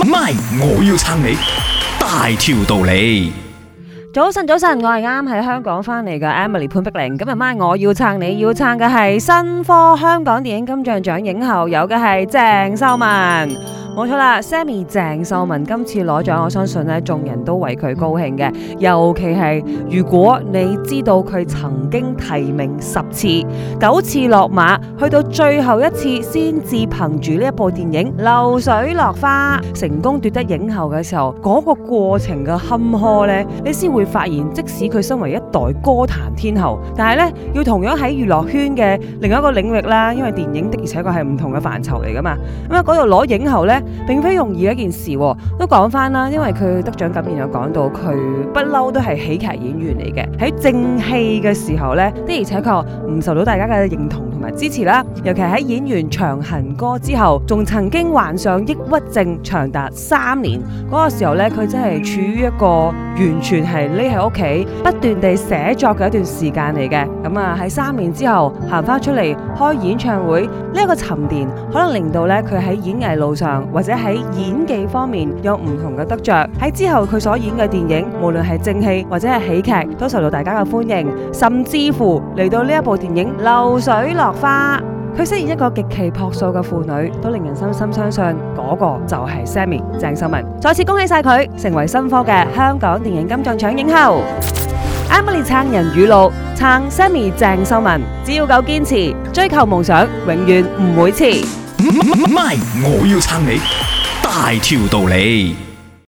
my 我要撐你大條道理，早晨，早晨，我係啱喺香港翻嚟嘅 Emily 潘碧玲，今日 my 我要撐你要撐嘅係新科香港電影金像獎影后，有嘅係鄭秀文。冇錯啦，Sammy 鄭秀文今次攞獎，我相信咧眾人都為佢高興嘅。尤其係如果你知道佢曾經提名十次，九次落馬，去到最後一次先至憑住呢一部電影《流水落花》成功奪得影后嘅時候，嗰個過程嘅坎坷咧，你先會發現，即使佢身為一代歌壇天后，但係咧要同樣喺娛樂圈嘅另一個領域啦，因為電影的而且確係唔同嘅範疇嚟噶嘛，咁啊嗰度攞影后咧，並非容易的一件事，都講返啦，因為佢得獎感言有講到，佢不嬲都係喜劇演員嚟嘅，喺正戲嘅時候咧，的而且確唔受到大家嘅認同。支持啦，尤其喺演完《長恨歌》之後，仲曾經患上抑鬱症長達三年。嗰個時候咧，佢真係處於一個完全係匿喺屋企，不斷地寫作嘅一段時間嚟嘅。咁啊，喺三年之後行翻出嚟開演唱會，呢一個沉澱可能令到咧佢喺演藝路上或者喺演技方面有唔同嘅得着。喺之後佢所演嘅電影，無論係正戲或者係喜劇，都受到大家嘅歡迎，甚至乎嚟到呢一部電影《流水落》。花，佢飾演一個極其樸素嘅婦女，都令人深深相信，嗰個就係 Sammy 鄭秀文。再次恭喜晒佢成為新科嘅香港電影金像獎影后。Emily 撐人語錄，撐 Sammy 鄭秀文，只要夠堅持，追求夢想，永遠唔會遲。My，我要撐你，大條道理。